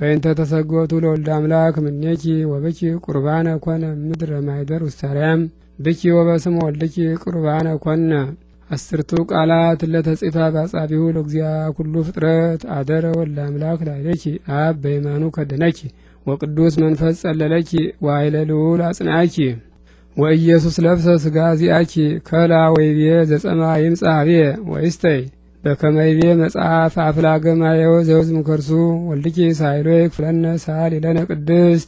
በእንተ ተሰጎቱ ለወልደ አምላክ ምኔኪ ወብኪ ቁርባነ ኮነ ምድረ ማይደር ውሳርያም ብኪ ወበስም ወልድኪ ቁርባነ ኮነ አስርቱ ቃላት ለተጽፋ ባጻቢሁ ለእግዚአ ኩሉ ፍጥረት አደረ ወልደ አምላክ ላይለኪ አብ በየማኑ ከደነኪ ወቅዱስ መንፈስ ጸለለኪ ዋይለ ልዑል አጽናኪ ወኢየሱስ ለብሰ ስጋ ዚአኪ ከላ ወይቤ ዘጸማ ይምጻ አቤ ወይስተይ በከመይቤ መጽሐፍ አፍላገ ማየው ዘውዝ ምከርሱ ወልድኪ ሳይሎ ክፍለነ ሳል ይለነ ቅድስት